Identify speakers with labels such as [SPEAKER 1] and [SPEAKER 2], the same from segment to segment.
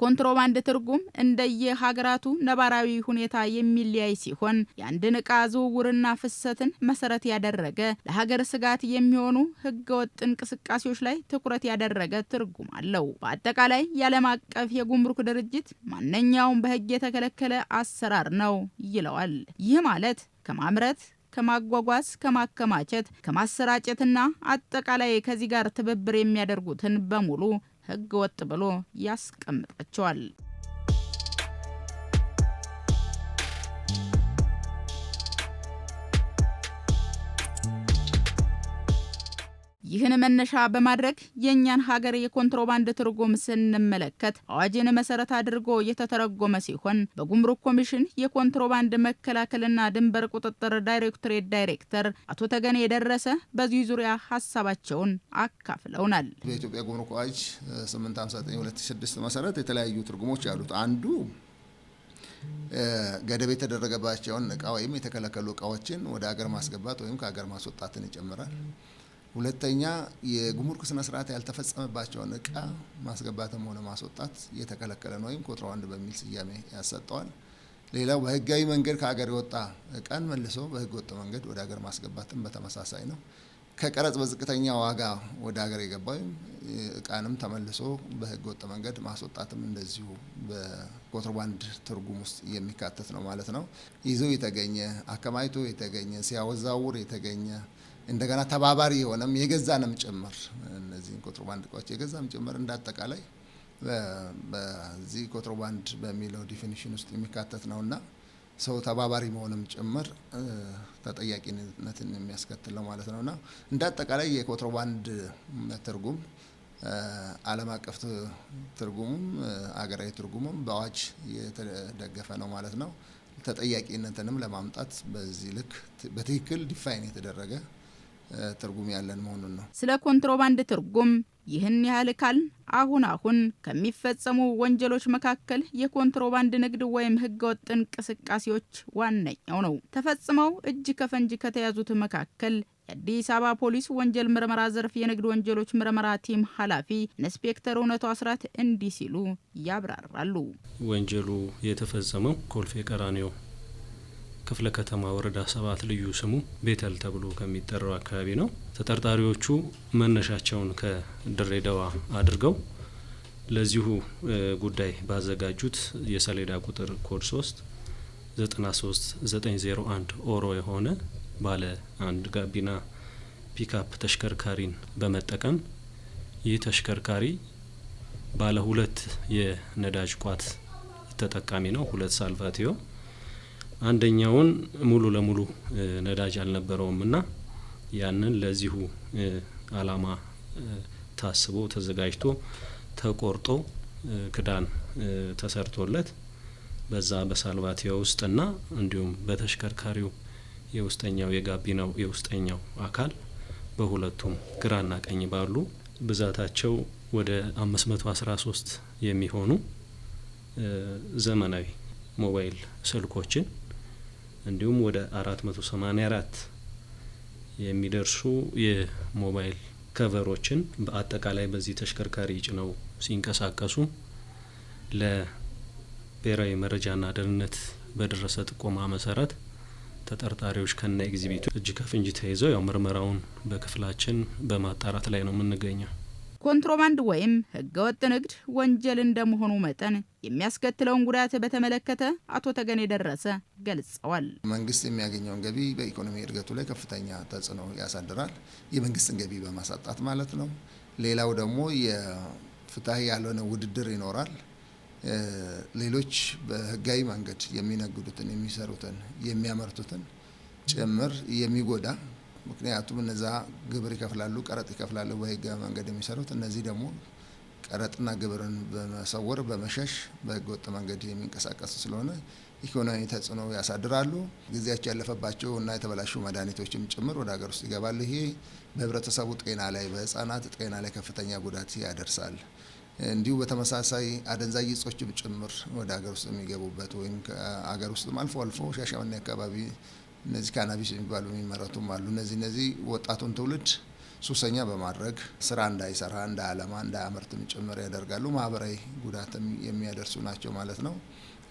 [SPEAKER 1] የኮንትሮባንድ ትርጉም እንደየ ሀገራቱ ነባራዊ ሁኔታ የሚለያይ ሲሆን የአንድን ዕቃ ዝውውርና ፍሰትን መሰረት ያደረገ ለሀገር ስጋት የሚሆኑ ህገወጥ እንቅስቃሴዎች ላይ ትኩረት ያደረገ ትርጉም አለው። በአጠቃላይ የዓለም አቀፍ የጉምሩክ ድርጅት ማንኛውም በህግ የተከለከለ አሰራር ነው ይለዋል። ይህ ማለት ከማምረት ከማጓጓዝ፣ ከማከማቸት፣ ከማሰራጨትና አጠቃላይ ከዚህ ጋር ትብብር የሚያደርጉትን በሙሉ ህገ ወጥ ብሎ ያስቀምጣቸዋል። ይህን መነሻ በማድረግ የእኛን ሀገር የኮንትሮባንድ ትርጉም ስንመለከት አዋጅን መሰረት አድርጎ የተተረጎመ ሲሆን በጉምሩክ ኮሚሽን የኮንትሮባንድ መከላከልና ድንበር ቁጥጥር ዳይሬክቶሬት ዳይሬክተር አቶ ተገኔ የደረሰ በዚህ ዙሪያ ሀሳባቸውን አካፍለውናል።
[SPEAKER 2] በኢትዮጵያ ጉምሩክ አዋጅ 859/2006 መሰረት የተለያዩ ትርጉሞች ያሉት አንዱ ገደብ የተደረገባቸውን እቃ ወይም የተከለከሉ እቃዎችን ወደ ሀገር ማስገባት ወይም ከሀገር ማስወጣትን ይጨምራል። ሁለተኛ የጉምሩክ ስነ ስርዓት ያልተፈጸመባቸውን እቃ ማስገባትም ሆነ ማስወጣት የተከለከለ ነው ወይም አንድ በሚል ስያሜ ያሰጠዋል። ሌላው በህጋዊ መንገድ ከሀገር የወጣ እቃን መልሶ በህገ ወጥ መንገድ ወደ ሀገር ማስገባትም በተመሳሳይ ነው። ከቀረጽ በዝቅተኛ ዋጋ ወደ ሀገር የገባ ወይም እቃንም ተመልሶ በህገ ወጥ መንገድ ማስወጣትም እንደዚሁ በኮንትሮባንድ ትርጉም ውስጥ የሚካተት ነው ማለት ነው። ይዞ የተገኘ አከማይቶ የተገኘ ሲያወዛውር የተገኘ እንደገና ተባባሪ የሆነም የገዛንም ጭምር እነዚህን ኮንትሮባንድ እቃዎች የገዛም ጭምር እንዳጠቃላይ በዚህ ኮንትሮባንድ በሚለው ዲፊኒሽን ውስጥ የሚካተት ነውና ሰው ተባባሪ መሆንም ጭምር ተጠያቂነትን የሚያስከትል ነው ማለት ነው እንደ አጠቃላይ የኮንትሮባንድ ትርጉም ዓለም አቀፍ ትርጉሙም አገራዊ ትርጉሙም በአዋጅ የተደገፈ ነው ማለት ነው። ተጠያቂነትንም ለማምጣት በዚህ ልክ በትክክል ዲፋይን የተደረገ ትርጉም ያለን መሆኑን ነው።
[SPEAKER 1] ስለ ኮንትሮባንድ ትርጉም ይህን ያህል ካል አሁን አሁን ከሚፈጸሙ ወንጀሎች መካከል የኮንትሮባንድ ንግድ ወይም ህገወጥ እንቅስቃሴዎች ዋነኛው ነው። ተፈጽመው እጅ ከፈንጅ ከተያዙት መካከል የአዲስ አበባ ፖሊስ ወንጀል ምርመራ ዘርፍ የንግድ ወንጀሎች ምርመራ ቲም ኃላፊ ኢንስፔክተር እውነቱ አስራት እንዲህ ሲሉ ያብራራሉ።
[SPEAKER 3] ወንጀሉ የተፈጸመው ኮልፌ ቀራኒዮ ክፍለ ከተማ ወረዳ ሰባት ልዩ ስሙ ቤተል ተብሎ ከሚጠራው አካባቢ ነው። ተጠርጣሪዎቹ መነሻቸውን ከድሬዳዋ አድርገው ለዚሁ ጉዳይ ባዘጋጁት የሰሌዳ ቁጥር ኮድ 3 93901 ኦሮ የሆነ ባለ አንድ ጋቢና ፒካፕ ተሽከርካሪን በመጠቀም ይህ ተሽከርካሪ ባለ ሁለት የነዳጅ ቋት ተጠቃሚ ነው። ሁለት ሳልቫቲዮ አንደኛውን ሙሉ ለሙሉ ነዳጅ አልነበረውም እና ያንን ለዚሁ አላማ ታስቦ ተዘጋጅቶ ተቆርጦ ክዳን ተሰርቶለት በዛ በሳልቫቲያ ውስጥና እንዲሁም በተሽከርካሪው የውስጠኛው የጋቢናው የውስጠኛው አካል በሁለቱም ግራና ቀኝ ባሉ ብዛታቸው ወደ ሶስት የሚሆኑ ዘመናዊ ሞባይል ስልኮችን እንዲሁም ወደ 484 የሚደርሱ የሞባይል ከቨሮችን በአጠቃላይ በዚህ ተሽከርካሪ ጭነው ሲንቀሳቀሱ ለብሔራዊ መረጃና ደህንነት በደረሰ ጥቆማ መሰረት ተጠርጣሪዎች ከነ ኤግዚቢቱ እጅ ከፍንጅ ተይዘው ያው ምርመራውን በክፍላችን በማጣራት ላይ ነው የምንገኘው።
[SPEAKER 1] ኮንትሮባንድ ወይም ህገወጥ ንግድ ወንጀል እንደመሆኑ መጠን የሚያስከትለውን ጉዳት በተመለከተ አቶ ተገኔ ደረሰ ገልጸዋል።
[SPEAKER 2] መንግስት የሚያገኘውን ገቢ በኢኮኖሚ እድገቱ ላይ ከፍተኛ ተጽዕኖ ያሳድራል። የመንግስትን ገቢ በማሳጣት ማለት ነው። ሌላው ደግሞ የፍትሐዊ ያልሆነ ውድድር ይኖራል። ሌሎች በህጋዊ መንገድ የሚነግዱትን፣ የሚሰሩትን፣ የሚያመርቱትን ጭምር የሚጎዳ ምክንያቱም እነዛ ግብር ይከፍላሉ፣ ቀረጥ ይከፍላሉ በህገ መንገድ የሚሰሩት። እነዚህ ደግሞ ቀረጥና ግብርን በመሰወር በመሸሽ በህገ ወጥ መንገድ የሚንቀሳቀሱ ስለሆነ ኢኮኖሚ ተጽዕኖ ያሳድራሉ። ጊዜያቸው ያለፈባቸው እና የተበላሹ መድኃኒቶችም ጭምር ወደ ሀገር ውስጥ ይገባሉ። ይሄ በህብረተሰቡ ጤና ላይ በህጻናት ጤና ላይ ከፍተኛ ጉዳት ያደርሳል። እንዲሁ በተመሳሳይ አደንዛዥ እጾችም ጭምር ወደ ሀገር ውስጥ የሚገቡበት ወይም ከሀገር ውስጥም አልፎ አልፎ ሻሸመኔ አካባቢ እነዚህ ካናቢስ የሚባሉ የሚመረቱም አሉ። እነዚህ እነዚህ ወጣቱን ትውልድ ሱሰኛ በማድረግ ስራ እንዳይሰራ፣ እንዳያለማ፣ እንዳያመርትም ጭምር ያደርጋሉ። ማህበራዊ ጉዳትም የሚያደርሱ ናቸው ማለት ነው።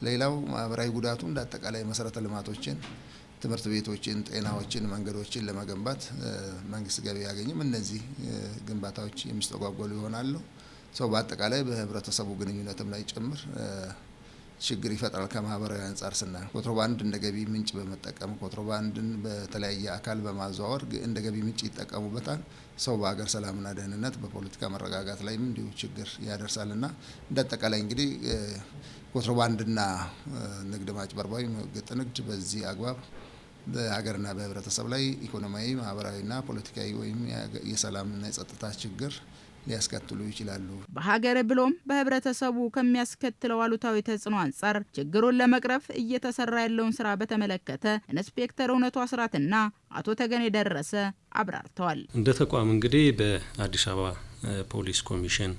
[SPEAKER 2] ሌላው ማህበራዊ ጉዳቱ እንደ አጠቃላይ መሰረተ ልማቶችን፣ ትምህርት ቤቶችን፣ ጤናዎችን፣ መንገዶችን ለመገንባት መንግስት ገቢ ያገኝም እነዚህ ግንባታዎች የሚስተጓጎሉ ይሆናሉ። ሰው በአጠቃላይ በህብረተሰቡ ግንኙነትም ላይ ጭምር ችግር ይፈጥራል። ከማህበራዊ አንጻር ስና ኮንትሮባንድ እንደ ገቢ ምንጭ በመጠቀም ኮንትሮባንድን በተለያየ አካል በማዘዋወር እንደ ገቢ ምንጭ ይጠቀሙበታል። ሰው በሀገር ሰላምና ደህንነት፣ በፖለቲካ መረጋጋት ላይም እንዲሁ ችግር ያደርሳልና እንደ አጠቃላይ እንግዲህ ኮንትሮባንድና ንግድ ማጭበርባዊ ግጥ ንግድ በዚህ አግባብ በሀገርና በህብረተሰብ ላይ ኢኮኖሚያዊ፣ ማህበራዊና ፖለቲካዊ ወይም የሰላምና የጸጥታ ችግር ሊያስከትሉ ይችላሉ።
[SPEAKER 1] በሀገር ብሎም በህብረተሰቡ ከሚያስከትለው አሉታዊ ተጽዕኖ አንጻር ችግሩን ለመቅረፍ እየተሰራ ያለውን ስራ በተመለከተ ኢንስፔክተር እውነቱ አስራትና አቶ ተገኔ ደረሰ አብራርተዋል።
[SPEAKER 3] እንደ ተቋም እንግዲህ በአዲስ አበባ ፖሊስ ኮሚሽን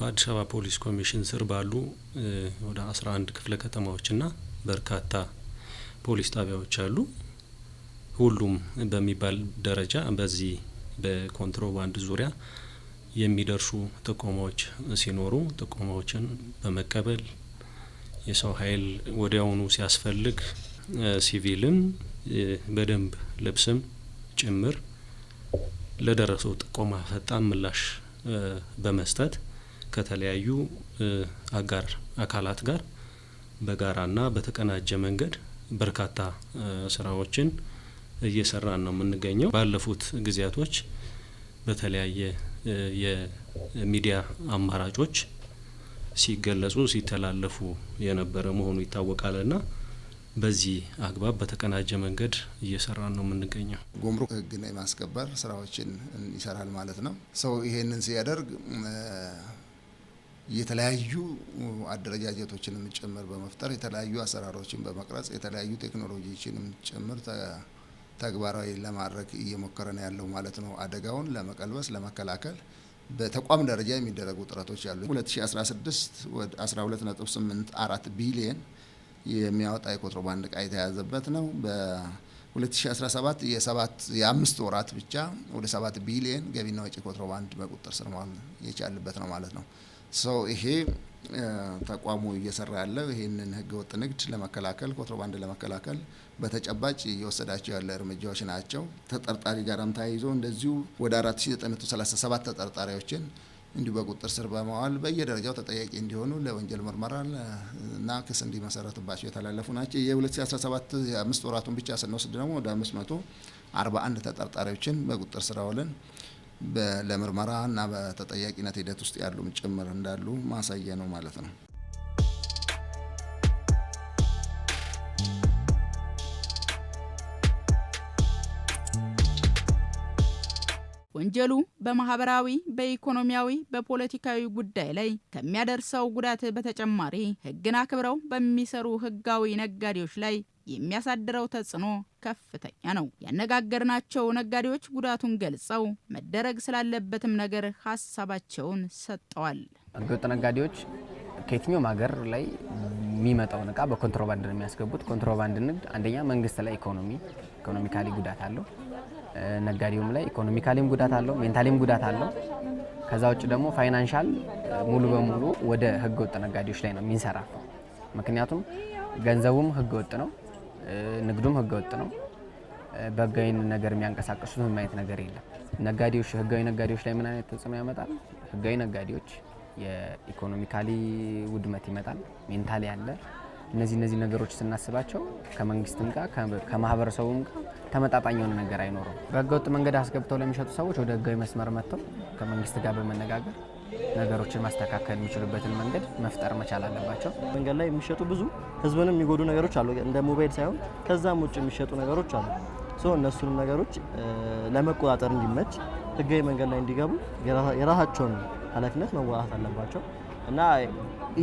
[SPEAKER 3] በአዲስ አበባ ፖሊስ ኮሚሽን ስር ባሉ ወደ 11 ክፍለ ከተማዎችና በርካታ ፖሊስ ጣቢያዎች አሉ። ሁሉም በሚባል ደረጃ በዚህ በኮንትሮባንድ ዙሪያ የሚደርሱ ጥቆማዎች ሲኖሩ ጥቆማዎችን በመቀበል የሰው ኃይል ወዲያውኑ ሲያስፈልግ ሲቪልም በደንብ ልብስም ጭምር ለደረሰው ጥቆማ ፈጣን ምላሽ በመስጠት ከተለያዩ አጋር አካላት ጋር በጋራና በተቀናጀ መንገድ በርካታ ስራዎችን እየሰራን ነው የምንገኘው። ባለፉት ጊዜያቶች በተለያየ የሚዲያ አማራጮች ሲገለጹ ሲተላለፉ የነበረ መሆኑ ይታወቃል ና በዚህ አግባብ በተቀናጀ መንገድ እየሰራን ነው የምንገኘው።
[SPEAKER 2] ጉምሩክ ሕግን የማስከበር ስራዎችን ይሰራል ማለት ነው። ሰው ይሄንን ሲያደርግ የተለያዩ አደረጃጀቶችንም ጭምር በመፍጠር የተለያዩ አሰራሮችን በመቅረጽ የተለያዩ ቴክኖሎጂዎችንም ጭምር ተግባራዊ ለማድረግ እየሞከረ ነው ያለው ማለት ነው። አደጋውን ለመቀልበስ ለመከላከል በተቋም ደረጃ የሚደረጉ ጥረቶች ያሉ 2016 ወደ 12.84 ቢሊየን የሚያወጣ የኮንትሮባንድ እቃ የተያዘበት ነው። በ2017 የሰባት የአምስት ወራት ብቻ ወደ 7 ቢሊየን ገቢና ወጪ ኮንትሮባንድ በቁጥጥር ስር መዋል የቻልበት ነው ማለት ነው። ሰው ይሄ ተቋሙ እየሰራ ያለው ይህንን ህገወጥ ንግድ ለመከላከል ኮንትሮባንድ ለመከላከል በተጨባጭ እየወሰዳቸው ያለ እርምጃዎች ናቸው። ተጠርጣሪ ጋራም ተያይዞ እንደዚሁ ወደ 4937 ተጠርጣሪዎችን እንዲሁ በቁጥር ስር በመዋል በየደረጃው ተጠያቂ እንዲሆኑ ለወንጀል ምርመራ እና ክስ እንዲመሰረትባቸው የተላለፉ ናቸው። የ2017 የአምስት ወራቱን ብቻ ስንወስድ ደግሞ ወደ 541 ተጠርጣሪዎችን በቁጥር ስር አውለን ለምርመራ እና በተጠያቂነት ሂደት ውስጥ ያሉም ጭምር እንዳሉ ማሳያ ነው ማለት ነው።
[SPEAKER 1] ወንጀሉ በማህበራዊ፣ በኢኮኖሚያዊ፣ በፖለቲካዊ ጉዳይ ላይ ከሚያደርሰው ጉዳት በተጨማሪ ህግን አክብረው በሚሰሩ ህጋዊ ነጋዴዎች ላይ የሚያሳድረው ተጽዕኖ ከፍተኛ ነው። ያነጋገርናቸው ነጋዴዎች ጉዳቱን ገልጸው መደረግ ስላለበትም ነገር ሀሳባቸውን ሰጥተዋል።
[SPEAKER 4] ህገወጥ ነጋዴዎች ከየትኛውም ሀገር ላይ የሚመጣውን እቃ በኮንትሮባንድ ነው የሚያስገቡት። ኮንትሮባንድ ንግድ አንደኛ መንግስት ላይ ኢኮኖሚ ኢኮኖሚካሊ ጉዳት አለው ነጋዴውም ላይ ኢኮኖሚካሊም ጉዳት አለው፣ ሜንታሊም ጉዳት አለው። ከዛ ውጭ ደግሞ ፋይናንሻል ሙሉ በሙሉ ወደ ወጥ ነጋዴዎች ላይ ነው የሚንሰራፈው። ምክንያቱም ገንዘቡም ወጥ ነው፣ ንግዱም ወጥ ነው። በህጋዊ ነገር የሚያንቀሳቀሱት ምን አይነት ነገር የለም። ነጋዴዎች ህጋዊ ነጋዴዎች ላይ ምን አይነት ተጽዕኖ ያመጣል? ህጋዊ ነጋዴዎች የኢኮኖሚካሊ ውድመት ይመጣል። ሜንታሊ ያለ እነዚህ እነዚህ ነገሮች ስናስባቸው ከመንግስትም ጋር ከማህበረሰቡም ጋር ተመጣጣኝ የሆነ ነገር አይኖርም። በህገወጥ መንገድ አስገብተው ለሚሸጡ ሰዎች ወደ ህጋዊ መስመር መጥተው ከመንግስት ጋር በመነጋገር ነገሮችን ማስተካከል የሚችሉበትን መንገድ መፍጠር መቻል አለባቸው። መንገድ ላይ የሚሸጡ ብዙ ህዝብንም የሚጎዱ ነገሮች አሉ፣ እንደ ሞባይል ሳይሆን ከዛም ውጭ የሚሸጡ ነገሮች አሉ። እነሱንም ነገሮች ለመቆጣጠር እንዲመች ህጋዊ መንገድ ላይ እንዲገቡ የራሳቸውን ኃላፊነት መወጣት አለባቸው እና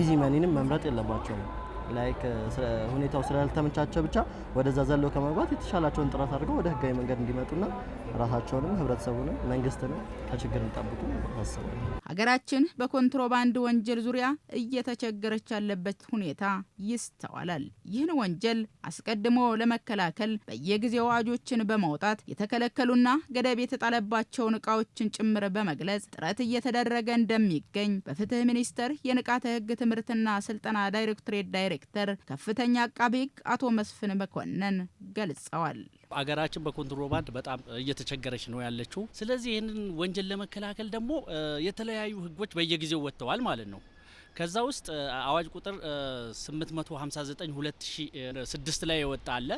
[SPEAKER 4] ኢዚ መኒንም መምረጥ የለባቸውም። ላይክ ሁኔታው ስላልተመቻቸ ብቻ ወደዛ ዘለው ከመግባት የተሻላቸውን ጥረት አድርገው ወደ ህጋዊ መንገድ እንዲመጡና ራሳቸውንም ህብረተሰቡንም መንግስትንም ከችግር እንጠብቁ
[SPEAKER 1] አስባለሁ። ሀገራችን በኮንትሮባንድ ወንጀል ዙሪያ እየተቸገረች ያለበት ሁኔታ ይስተዋላል። ይህን ወንጀል አስቀድሞ ለመከላከል በየጊዜው አዋጆችን በማውጣት የተከለከሉና ገደብ የተጣለባቸውን እቃዎችን ጭምር በመግለጽ ጥረት እየተደረገ እንደሚገኝ በፍትህ ሚኒስቴር የንቃተ ህግ ትምህርትና ስልጠና ዳይሬክቶሬት ዳይሬክተር ዳይሬክተር ከፍተኛ አቃቤ ሕግ አቶ መስፍን መኮንን ገልጸዋል።
[SPEAKER 5] አገራችን በኮንትሮባንድ በጣም እየተቸገረች ነው ያለችው። ስለዚህ ይህንን ወንጀል ለመከላከል ደግሞ የተለያዩ ሕጎች በየጊዜው ወጥተዋል ማለት ነው። ከዛ ውስጥ አዋጅ ቁጥር 859 2006 ላይ የወጣ አለ።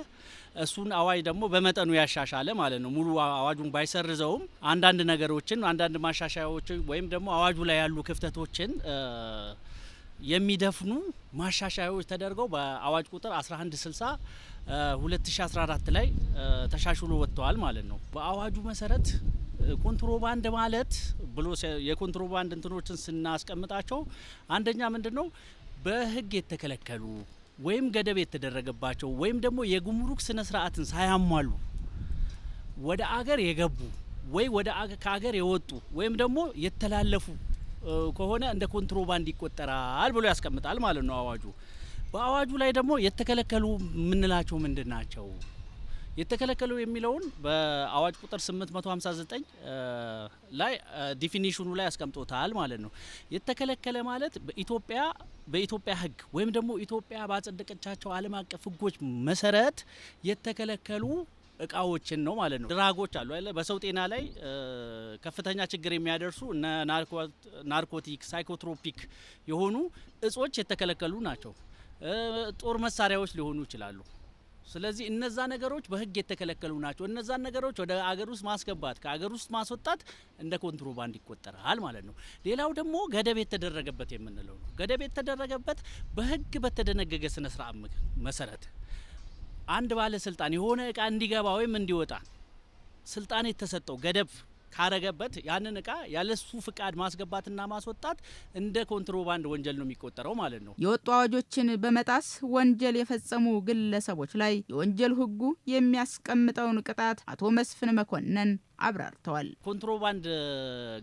[SPEAKER 5] እሱን አዋጅ ደግሞ በመጠኑ ያሻሻለ ማለት ነው። ሙሉ አዋጁን ባይሰርዘውም አንዳንድ ነገሮችን አንዳንድ ማሻሻያዎችን ወይም ደግሞ አዋጁ ላይ ያሉ ክፍተቶችን የሚደፍኑ ማሻሻያዎች ተደርገው በአዋጅ ቁጥር 1160 2014 ላይ ተሻሽሎ ወጥተዋል ማለት ነው። በአዋጁ መሰረት ኮንትሮባንድ ማለት ብሎ የኮንትሮባንድ እንትኖችን ስናስቀምጣቸው አንደኛ ምንድን ነው በህግ የተከለከሉ ወይም ገደብ የተደረገባቸው ወይም ደግሞ የጉምሩክ ስነ ስርዓትን ሳያሟሉ ወደ አገር የገቡ ወይ ወደ ከአገር የወጡ ወይም ደግሞ የተላለፉ ከሆነ እንደ ኮንትሮባንድ ይቆጠራል ብሎ ያስቀምጣል ማለት ነው አዋጁ። በአዋጁ ላይ ደግሞ የተከለከሉ የምንላቸው ምንድን ናቸው? የተከለከሉ የሚለውን በአዋጅ ቁጥር 859 ላይ ዲፊኒሽኑ ላይ አስቀምጦታል ማለት ነው። የተከለከለ ማለት በኢትዮጵያ በኢትዮጵያ ሕግ ወይም ደግሞ ኢትዮጵያ ባጸደቀቻቸው ዓለም አቀፍ ሕጎች መሰረት የተከለከሉ እቃዎችን ነው ማለት ነው። ድራጎች አሉ አይደለ? በሰው ጤና ላይ ከፍተኛ ችግር የሚያደርሱ እነ ናርኮቲክ፣ ሳይኮትሮፒክ የሆኑ እጾች የተከለከሉ ናቸው። ጦር መሳሪያዎች ሊሆኑ ይችላሉ። ስለዚህ እነዛ ነገሮች በህግ የተከለከሉ ናቸው። እነዛን ነገሮች ወደ አገር ውስጥ ማስገባት ከአገር ውስጥ ማስወጣት እንደ ኮንትሮባንድ ይቆጠራል ማለት ነው። ሌላው ደግሞ ገደብ የተደረገበት የምንለው ነው። ገደብ የተደረገበት በህግ በተደነገገ ስነስርዓት መሰረት አንድ ባለስልጣን የሆነ እቃ እንዲገባ ወይም እንዲወጣ ስልጣን የተሰጠው ገደብ ካረገበት ያንን እቃ ያለሱ ፍቃድ ማስገባትና ማስወጣት እንደ ኮንትሮባንድ ወንጀል ነው የሚቆጠረው ማለት ነው።
[SPEAKER 1] የወጡ አዋጆችን በመጣስ ወንጀል የፈጸሙ ግለሰቦች ላይ የወንጀል ሕጉ የሚያስቀምጠውን ቅጣት አቶ መስፍን መኮንን አብራርተዋል።
[SPEAKER 5] ኮንትሮባንድ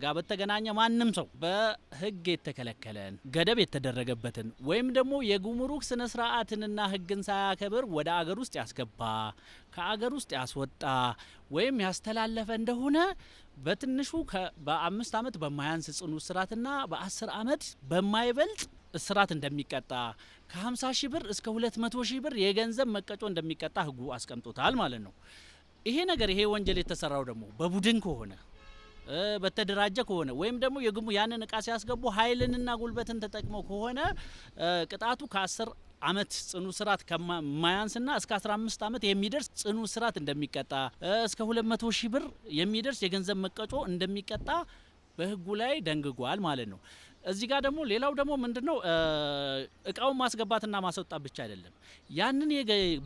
[SPEAKER 5] ጋር በተገናኘ ማንም ሰው በህግ የተከለከለን ገደብ የተደረገበትን ወይም ደግሞ የጉምሩክ ስነ ስርዓትንና ህግን ሳያከብር ወደ አገር ውስጥ ያስገባ ከአገር ውስጥ ያስወጣ ወይም ያስተላለፈ እንደሆነ በትንሹ በአምስት ዓመት በማያንስ ጽኑ እስራትና በአስር ዓመት በማይበልጥ እስራት እንደሚቀጣ ከ50 ሺህ ብር እስከ 200 ሺህ ብር የገንዘብ መቀጮ እንደሚቀጣ ህጉ አስቀምጦታል ማለት ነው። ይሄ ነገር ይሄ ወንጀል የተሰራው ደግሞ በቡድን ከሆነ በተደራጀ ከሆነ ወይም ደግሞ የግሙ ያንን እቃ ሲያስገቡ ኃይልንና ጉልበትን ተጠቅመው ከሆነ ቅጣቱ ከአስር አመት ጽኑ ስርዓት ከማያንስና እስከ 15 አመት የሚደርስ ጽኑ ስርዓት እንደሚቀጣ እስከ 200 ሺህ ብር የሚደርስ የገንዘብ መቀጮ እንደሚቀጣ በህጉ ላይ ደንግጓል ማለት ነው። እዚህ ጋር ደግሞ ሌላው ደግሞ ምንድነው እቃውን ማስገባትና ማስወጣት ብቻ አይደለም። ያንን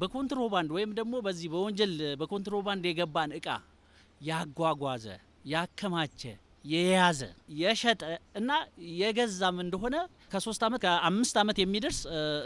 [SPEAKER 5] በኮንትሮባንድ ወይም ደግሞ በዚህ በወንጀል በኮንትሮባንድ የገባን እቃ ያጓጓዘ ያከማቸ የያዘ የሸጠ እና የገዛም እንደሆነ ከሶስት ዓመት ከአምስት ዓመት የሚደርስ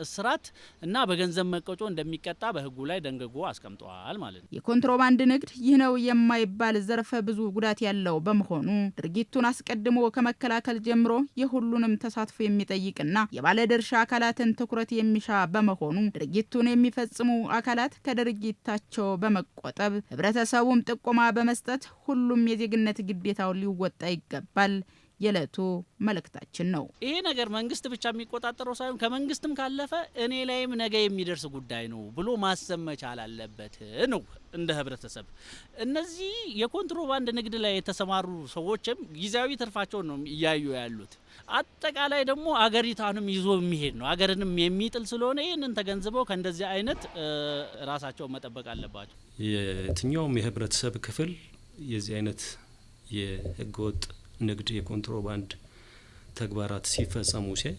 [SPEAKER 5] እስራት እና በገንዘብ መቀጮ እንደሚቀጣ በህጉ ላይ ደንግጎ አስቀምጠዋል ማለት ነው።
[SPEAKER 1] የኮንትሮባንድ ንግድ ይህ ነው የማይባል ዘርፈ ብዙ ጉዳት ያለው በመሆኑ ድርጊቱን አስቀድሞ ከመከላከል ጀምሮ የሁሉንም ተሳትፎ የሚጠይቅና የባለድርሻ አካላትን ትኩረት የሚሻ በመሆኑ ድርጊቱን የሚፈጽሙ አካላት ከድርጊታቸው በመቆጠብ ህብረተሰቡም ጥቆማ በመስጠት ሁሉም የዜግነት ግዴታውን ሊወጣ ሊሰጠ ይገባል የዕለቱ መልእክታችን ነው።
[SPEAKER 5] ይሄ ነገር መንግስት ብቻ የሚቆጣጠረው ሳይሆን ከመንግስትም ካለፈ እኔ ላይም ነገ የሚደርስ ጉዳይ ነው ብሎ ማሰብ መቻል አለበት ነው እንደ ህብረተሰብ። እነዚህ የኮንትሮባንድ ንግድ ላይ የተሰማሩ ሰዎችም ጊዜያዊ ትርፋቸውን ነው እያዩ ያሉት። አጠቃላይ ደግሞ አገሪቷንም ይዞ የሚሄድ ነው፣ አገርንም የሚጥል ስለሆነ ይህንን ተገንዝበው ከእንደዚህ አይነት ራሳቸውን መጠበቅ አለባቸው።
[SPEAKER 3] የትኛውም የህብረተሰብ ክፍል የዚህ አይነት የህገወጥ ንግድ የኮንትሮባንድ ተግባራት ሲፈጸሙ ሲያይ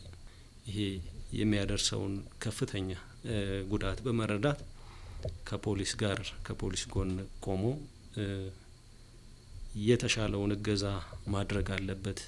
[SPEAKER 3] ይሄ የሚያደርሰውን ከፍተኛ ጉዳት በመረዳት ከፖሊስ ጋር ከፖሊስ ጎን ቆሞ የተሻለውን እገዛ ማድረግ አለበት።